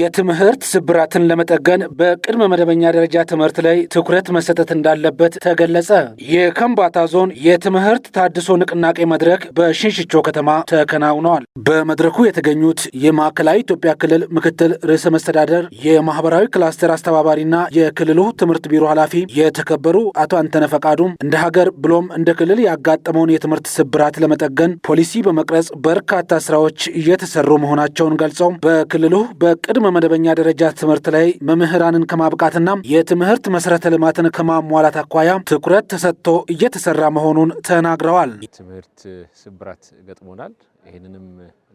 የትምህርት ስብራትን ለመጠገን በቅድመ መደበኛ ደረጃ ትምህርት ላይ ትኩረት መሰጠት እንዳለበት ተገለጸ። የከምባታ ዞን የትምህርት ታድሶ ንቅናቄ መድረክ በሽንሽቾ ከተማ ተከናውነዋል። በመድረኩ የተገኙት የማዕከላዊ ኢትዮጵያ ክልል ምክትል ርዕሰ መስተዳደር የማህበራዊ ክላስተር አስተባባሪና የክልሉ ትምህርት ቢሮ ኃላፊ የተከበሩ አቶ አንተነ ፈቃዱም እንደ ሀገር ብሎም እንደ ክልል ያጋጠመውን የትምህርት ስብራት ለመጠገን ፖሊሲ በመቅረጽ በርካታ ስራዎች እየተሰሩ መሆናቸውን ገልጸው በክልሉ በቅድመ ቅድመ መደበኛ ደረጃ ትምህርት ላይ መምህራንን ከማብቃትና የትምህርት መሰረተ ልማትን ከማሟላት አኳያ ትኩረት ተሰጥቶ እየተሰራ መሆኑን ተናግረዋል። ትምህርት ስብራት ገጥሞናል። ይህንንም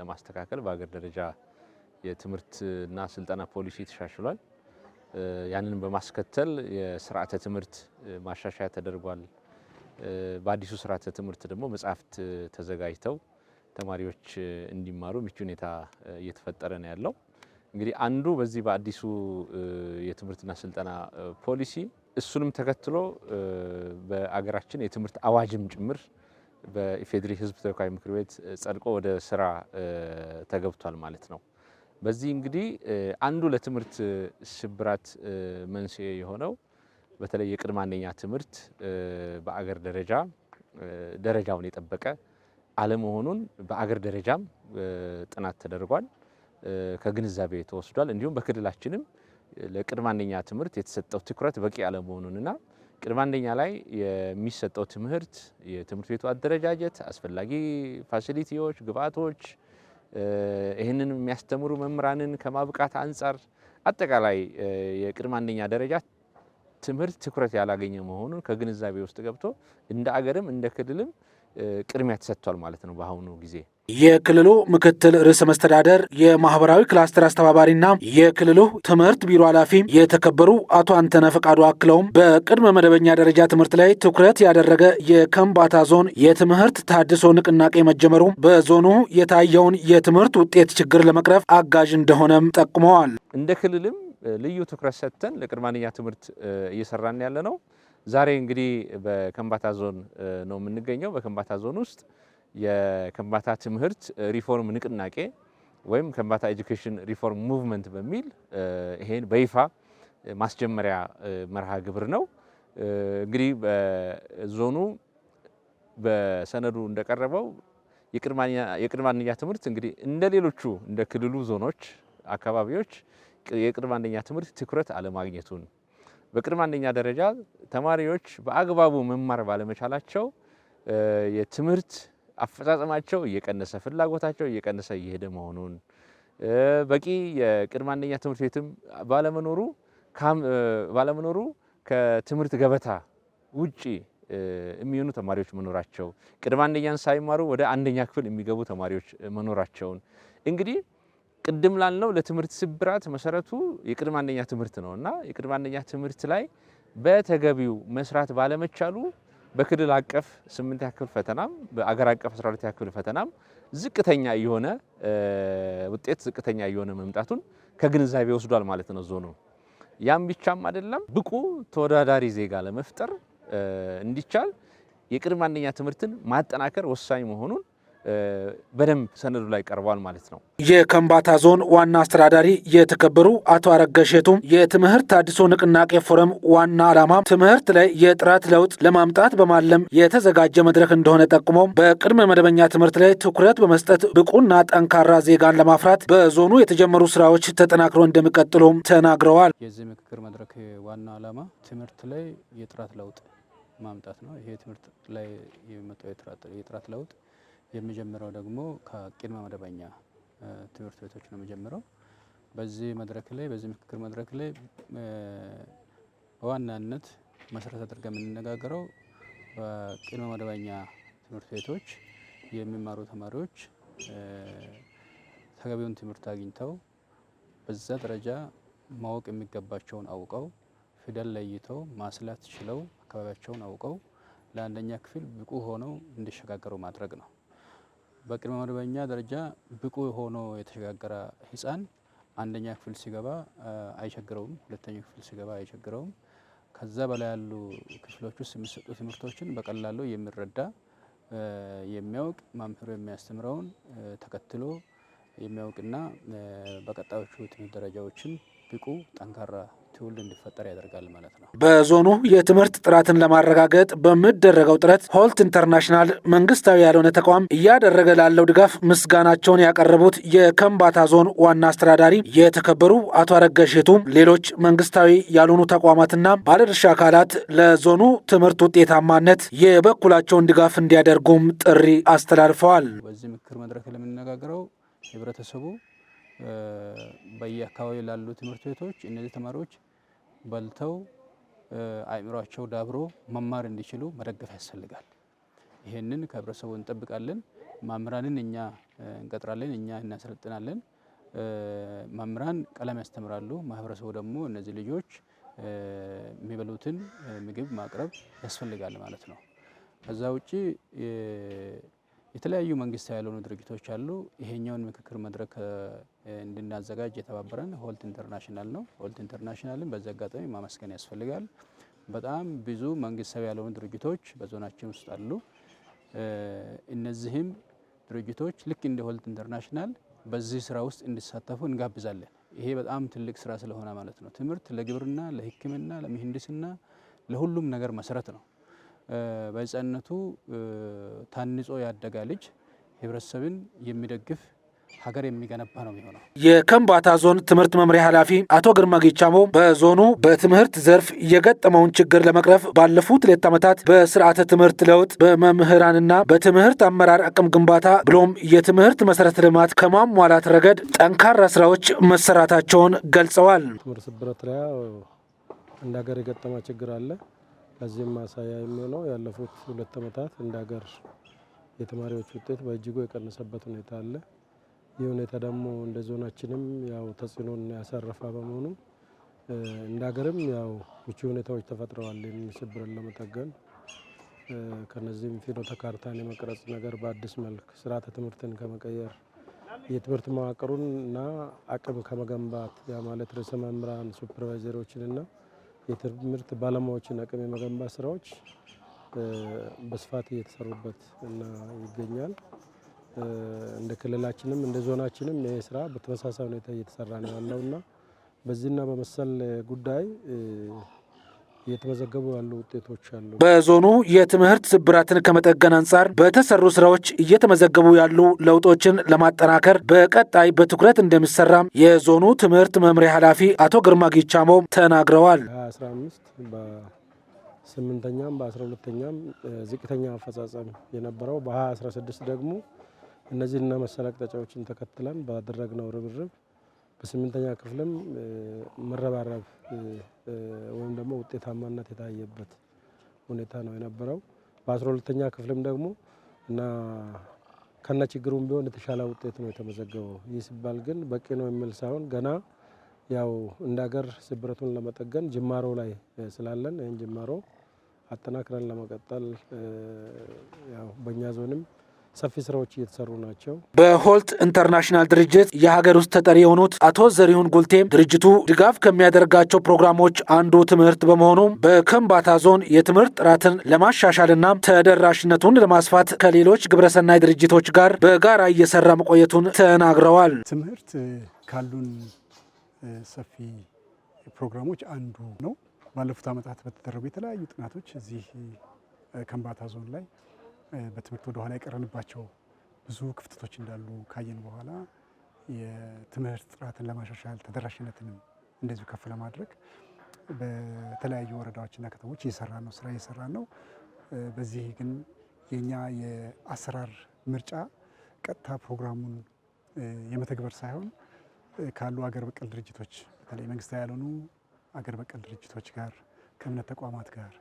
ለማስተካከል በሀገር ደረጃ የትምህርትና ስልጠና ፖሊሲ ተሻሽሏል። ያንን በማስከተል የስርዓተ ትምህርት ማሻሻያ ተደርጓል። በአዲሱ ስርዓተ ትምህርት ደግሞ መጽሐፍት ተዘጋጅተው ተማሪዎች እንዲማሩ ምቹ ሁኔታ እየተፈጠረ ነው ያለው። እንግዲህ አንዱ በዚህ በአዲሱ የትምህርትና ስልጠና ፖሊሲ እሱንም ተከትሎ በአገራችን የትምህርት አዋጅም ጭምር በኢፌድሪ ሕዝብ ተወካይ ምክር ቤት ጸድቆ ወደ ስራ ተገብቷል ማለት ነው። በዚህ እንግዲህ አንዱ ለትምህርት ስብራት መንስኤ የሆነው በተለይ የቅድመ አንደኛ ትምህርት በአገር ደረጃ ደረጃውን የጠበቀ አለመሆኑን በአገር ደረጃም ጥናት ተደርጓል። ከግንዛቤ ተወስዷል። እንዲሁም በክልላችንም ለቅድመ አንደኛ ትምህርት የተሰጠው ትኩረት በቂ አለመሆኑንና ቅድመ አንደኛ ላይ የሚሰጠው ትምህርት የትምህርት ቤቱ አደረጃጀት፣ አስፈላጊ ፋሲሊቲዎች፣ ግብአቶች ይህንን የሚያስተምሩ መምህራንን ከማብቃት አንጻር አጠቃላይ የቅድመ አንደኛ ደረጃ ትምህርት ትኩረት ያላገኘ መሆኑን ከግንዛቤ ውስጥ ገብቶ እንደ አገርም እንደ ክልልም ቅድሚያ ተሰጥቷል ማለት ነው በአሁኑ ጊዜ። የክልሉ ምክትል ርዕሰ መስተዳደር የማህበራዊ ክላስተር አስተባባሪና የክልሉ ትምህርት ቢሮ ኃላፊ የተከበሩ አቶ አንተነ ፈቃዱ አክለውም በቅድመ መደበኛ ደረጃ ትምህርት ላይ ትኩረት ያደረገ የከምባታ ዞን የትምህርት ታድሶ ንቅናቄ መጀመሩ በዞኑ የታየውን የትምህርት ውጤት ችግር ለመቅረፍ አጋዥ እንደሆነም ጠቁመዋል። እንደ ክልልም ልዩ ትኩረት ሰጥተን ለቅድመ ትምህርት እየሰራን ያለ ነው። ዛሬ እንግዲህ በከምባታ ዞን ነው የምንገኘው። በከምባታ ዞን ውስጥ የከንባታ ትምህርት ሪፎርም ንቅናቄ ወይም ከንባታ ኤጁኬሽን ሪፎርም ሙቭመንት በሚል ይሄን በይፋ ማስጀመሪያ መርሃ ግብር ነው። እንግዲህ በዞኑ በሰነዱ እንደቀረበው የቅድመ አንደኛ ትምህርት እንግዲህ እንደ ሌሎቹ እንደ ክልሉ ዞኖች፣ አካባቢዎች የቅድመ አንደኛ ትምህርት ትኩረት አለማግኘቱን በቅድመ አንደኛ ደረጃ ተማሪዎች በአግባቡ መማር ባለመቻላቸው የትምህርት አፈጻጸማቸው እየቀነሰ ፍላጎታቸው እየቀነሰ እየሄደ መሆኑን በቂ የቅድመ አንደኛ ትምህርት ቤትም ባለመኖሩ ባለመኖሩ ከትምህርት ገበታ ውጪ የሚሆኑ ተማሪዎች መኖራቸው ቅድመ አንደኛን ሳይማሩ ወደ አንደኛ ክፍል የሚገቡ ተማሪዎች መኖራቸውን እንግዲህ ቅድም ላልነው ለትምህርት ስብራት መሰረቱ የቅድመ አንደኛ ትምህርት ነው እና የቅድመ አንደኛ ትምህርት ላይ በተገቢው መስራት ባለመቻሉ በክልል አቀፍ ስምንት ያክል ፈተናም በአገር አቀፍ 12 ያክል ፈተናም ዝቅተኛ የሆነ ውጤት ዝቅተኛ የሆነ መምጣቱን ከግንዛቤ ወስዷል ማለት ነው ዞኑ። ያም ብቻም አይደለም ብቁ ተወዳዳሪ ዜጋ ለመፍጠር እንዲቻል የቅድመ አንደኛ ትምህርትን ማጠናከር ወሳኝ መሆኑን በደንብ ሰነዱ ላይ ቀርቧል ማለት ነው። የከምባታ ዞን ዋና አስተዳዳሪ የተከበሩ አቶ አረገሸቱም የትምህርት አዲሶ ንቅናቄ ፎረም ዋና ዓላማ ትምህርት ላይ የጥራት ለውጥ ለማምጣት በማለም የተዘጋጀ መድረክ እንደሆነ ጠቁመው በቅድመ መደበኛ ትምህርት ላይ ትኩረት በመስጠት ብቁና ጠንካራ ዜጋን ለማፍራት በዞኑ የተጀመሩ ስራዎች ተጠናክሮ እንደሚቀጥሉም ተናግረዋል። የዚህ ምክክር መድረክ ዋና ዓላማ ትምህርት ላይ የጥራት ለውጥ ማምጣት ነው። ይሄ ትምህርት ላይ የመጣው የጥራት ለውጥ የሚጀምረው ደግሞ ከቅድመ መደበኛ ትምህርት ቤቶች ነው የምጀምረው። በዚህ መድረክ ላይ በዚህ ምክክር መድረክ ላይ በዋናነት መሰረት አድርገን የምንነጋገረው በቅድመ መደበኛ ትምህርት ቤቶች የሚማሩ ተማሪዎች ተገቢውን ትምህርት አግኝተው በዛ ደረጃ ማወቅ የሚገባቸውን አውቀው ፊደል ለይተው ማስላት ችለው አካባቢያቸውን አውቀው ለአንደኛ ክፍል ብቁ ሆነው እንዲሸጋገሩ ማድረግ ነው። በቅድመ መደበኛ ደረጃ ብቁ ሆኖ የተሸጋገረ ህፃን አንደኛ ክፍል ሲገባ አይቸግረውም፣ ሁለተኛ ክፍል ሲገባ አይቸግረውም። ከዛ በላይ ያሉ ክፍሎች ውስጥ የሚሰጡ ትምህርቶችን በቀላሉ የሚረዳ የሚያውቅ መምህሩ የሚያስተምረውን ተከትሎ የሚያውቅና በቀጣዮቹ ትምህርት ደረጃዎችን ብቁ ጠንካራ ትውልድ እንዲፈጠር ያደርጋል ማለት ነው። በዞኑ የትምህርት ጥራትን ለማረጋገጥ በሚደረገው ጥረት ሆልት ኢንተርናሽናል መንግስታዊ ያልሆነ ተቋም እያደረገ ላለው ድጋፍ ምስጋናቸውን ያቀረቡት የከምባታ ዞን ዋና አስተዳዳሪ የተከበሩ አቶ አረገሼቱም ሌሎች መንግስታዊ ያልሆኑ ተቋማትና ባለድርሻ አካላት ለዞኑ ትምህርት ውጤታማነት የበኩላቸውን ድጋፍ እንዲያደርጉም ጥሪ አስተላልፈዋል። በዚህ ምክር መድረክ ለምንነጋገረው ህብረተሰቡ በየአካባቢው ላሉ ትምህርት ቤቶች እነዚህ ተማሪዎች በልተው አእምሯቸው ዳብሮ መማር እንዲችሉ መደገፍ ያስፈልጋል። ይህንን ከህብረተሰቡ እንጠብቃለን። መምህራንን እኛ እንቀጥራለን፣ እኛ እናሰለጥናለን። መምህራን ቀለም ያስተምራሉ። ማህበረሰቡ ደግሞ እነዚህ ልጆች የሚበሉትን ምግብ ማቅረብ ያስፈልጋል ማለት ነው። ከዛ ውጭ የተለያዩ መንግስታዊ ያልሆኑ ድርጅቶች አሉ። ይሄኛውን ምክክር መድረክ እንድናዘጋጅ የተባበረን ሆልት ኢንተርናሽናል ነው። ሆልት ኢንተርናሽናልን በዚህ አጋጣሚ ማመስገን ያስፈልጋል። በጣም ብዙ መንግስታዊ ያልሆኑ ድርጅቶች በዞናችን ውስጥ አሉ። እነዚህም ድርጅቶች ልክ እንደ ሆልት ኢንተርናሽናል በዚህ ስራ ውስጥ እንዲሳተፉ እንጋብዛለን። ይሄ በጣም ትልቅ ስራ ስለሆነ ማለት ነው። ትምህርት ለግብርና፣ ለሕክምና፣ ለምህንድስና፣ ለሁሉም ነገር መሰረት ነው። በህፃንነቱ ታንጾ ያደገ ልጅ ህብረተሰብን የሚደግፍ ሀገር የሚገነባ ነው የሚሆነው። የከምባታ ዞን ትምህርት መምሪያ ኃላፊ አቶ ግርማ ጌቻሞ በዞኑ በትምህርት ዘርፍ የገጠመውን ችግር ለመቅረፍ ባለፉት ሁለት ዓመታት በስርዓተ ትምህርት ለውጥ በመምህራንና በትምህርት አመራር አቅም ግንባታ ብሎም የትምህርት መሰረተ ልማት ከማሟላት ረገድ ጠንካራ ስራዎች መሰራታቸውን ገልጸዋል። ትምህርት ስብረት ላይ እንደ ሀገር የገጠመ ችግር አለ። ለዚህም ማሳያ የሚሆነው ያለፉት ሁለት ዓመታት እንደ ሀገር የተማሪዎች ውጤት በእጅጉ የቀነሰበት ሁኔታ አለ። ይህ ሁኔታ ደግሞ እንደ ዞናችንም ያው ተጽዕኖን ያሳረፈ በመሆኑ እንደ ሀገርም ያው ምቹ ሁኔታዎች ተፈጥረዋል። ሽብርን ለመጠገን ከነዚህም ፍኖተ ካርታን የመቅረጽ ነገር በአዲስ መልክ ስርዓተ ትምህርትን ከመቀየር የትምህርት መዋቅሩን እና አቅም ከመገንባት ያ ማለት ርዕሰ መምህራን ሱፐርቫይዘሮችንና የትምህርት ባለሙያዎችን አቅም የመገንባት ስራዎች በስፋት እየተሰሩበት እና ይገኛል። እንደ ክልላችንም እንደ ዞናችንም ይህ ስራ በተመሳሳይ ሁኔታ እየተሰራ ነው ያለውና በዚህና በመሰል ጉዳይ እየተመዘገቡ ያሉ ውጤቶች አሉ። በዞኑ የትምህርት ስብራትን ከመጠገን አንጻር በተሰሩ ስራዎች እየተመዘገቡ ያሉ ለውጦችን ለማጠናከር በቀጣይ በትኩረት እንደሚሰራም የዞኑ ትምህርት መምሪያ ኃላፊ አቶ ግርማ ጊቻሞ ተናግረዋል። በስምንተኛም 12 ሁለተኛም ዝቅተኛ አፈጻጸም የነበረው በ2016 ደግሞ እነዚህና መሰል አቅጣጫዎችን ተከትለን ባደረግነው ርብርብ በስምንተኛ ክፍልም መረባረብ ወይም ደግሞ ውጤታማነት የታየበት ሁኔታ ነው የነበረው። በአስራ ሁለተኛ ክፍልም ደግሞ እና ከነ ችግሩም ቢሆን የተሻለ ውጤት ነው የተመዘገበው። ይህ ሲባል ግን በቂ ነው የሚል ሳይሆን ገና ያው እንደ ሀገር ስብረቱን ለመጠገን ጅማሮ ላይ ስላለን ይህን ጅማሮ አጠናክረን ለመቀጠል ያው በእኛ ዞንም ሰፊ ስራዎች እየተሰሩ ናቸው። በሆልት ኢንተርናሽናል ድርጅት የሀገር ውስጥ ተጠሪ የሆኑት አቶ ዘሪሁን ጉልቴም ድርጅቱ ድጋፍ ከሚያደርጋቸው ፕሮግራሞች አንዱ ትምህርት በመሆኑም በከምባታ ዞን የትምህርት ጥራትን ለማሻሻልና ተደራሽነቱን ለማስፋት ከሌሎች ግብረሰናይ ድርጅቶች ጋር በጋራ እየሰራ መቆየቱን ተናግረዋል። ትምህርት ካሉን ሰፊ ፕሮግራሞች አንዱ ነው። ባለፉት ዓመታት በተደረጉ የተለያዩ ጥናቶች እዚህ ከምባታ ዞን ላይ በትምህርት ወደኋላ የቀረንባቸው ብዙ ክፍተቶች እንዳሉ ካየን በኋላ የትምህርት ጥራትን ለማሻሻል ተደራሽነትንም እንደዚሁ ከፍ ለማድረግ በተለያዩ ወረዳዎችና ከተሞች እየሰራ ነው ስራ እየሰራ ነው። በዚህ ግን የኛ የአሰራር ምርጫ ቀጥታ ፕሮግራሙን የመተግበር ሳይሆን ካሉ አገር በቀል ድርጅቶች በተለይ መንግስታዊ ያልሆኑ አገር በቀል ድርጅቶች ጋር ከእምነት ተቋማት ጋር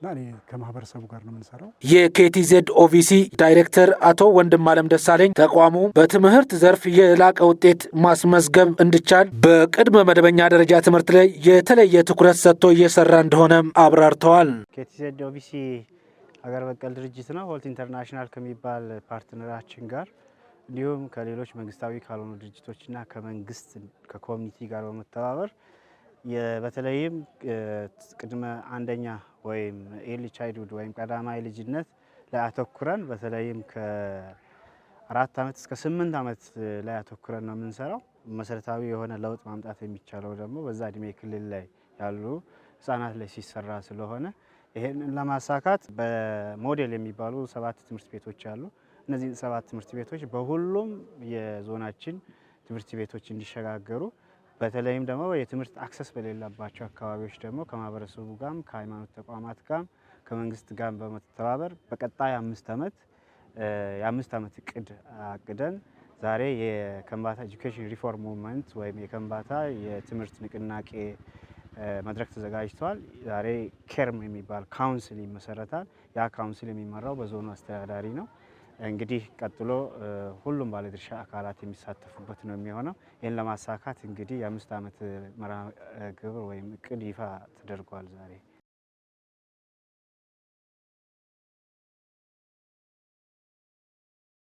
እና እኔ ከማህበረሰቡ ጋር ነው የምንሰራው። የኬቲዜድ ኦቪሲ ዳይሬክተር አቶ ወንድም አለም ደሳለኝ ተቋሙ በትምህርት ዘርፍ የላቀ ውጤት ማስመዝገብ እንዲቻል በቅድመ መደበኛ ደረጃ ትምህርት ላይ የተለየ ትኩረት ሰጥቶ እየሰራ እንደሆነም አብራርተዋል። ኬቲዜድ ኦቪሲ ሀገር በቀል ድርጅት ነው። ሆልት ኢንተርናሽናል ከሚባል ፓርትነራችን ጋር እንዲሁም ከሌሎች መንግስታዊ ካልሆኑ ድርጅቶችና ከመንግስት ከኮሚኒቲ ጋር በመተባበር በተለይም ቅድመ አንደኛ ወይም ኤርሊ ቻይልድሁድ ወይም ቀዳማዊ ልጅነት ላይ አተኩረን በተለይም ከአራት ዓመት እስከ ስምንት ዓመት ላይ አተኩረን ነው የምንሰራው። መሰረታዊ የሆነ ለውጥ ማምጣት የሚቻለው ደግሞ በዛ እድሜ ክልል ላይ ያሉ ህጻናት ላይ ሲሰራ ስለሆነ ይህንን ለማሳካት በሞዴል የሚባሉ ሰባት ትምህርት ቤቶች አሉ። እነዚህ ሰባት ትምህርት ቤቶች በሁሉም የዞናችን ትምህርት ቤቶች እንዲሸጋገሩ በተለይም ደግሞ የትምህርት አክሰስ በሌለባቸው አካባቢዎች ደግሞ ከማህበረሰቡ ጋም ከሃይማኖት ተቋማት ጋም ከመንግስት ጋር በመተባበር በቀጣይ አምስት ዓመት የአምስት ዓመት እቅድ አቅደን ዛሬ የከንባታ ኤጁኬሽን ሪፎርም ሙቭመንት ወይም የከንባታ የትምህርት ንቅናቄ መድረክ ተዘጋጅቷል። ዛሬ ኬርም የሚባል ካውንስል ይመሰረታል። ያ ካውንስል የሚመራው በዞኑ አስተዳዳሪ ነው። እንግዲህ ቀጥሎ ሁሉም ባለድርሻ አካላት የሚሳተፉበት ነው የሚሆነው። ይህን ለማሳካት እንግዲህ የአምስት ዓመት መርሃ ግብር ወይም እቅድ ይፋ ተደርጓል ዛሬ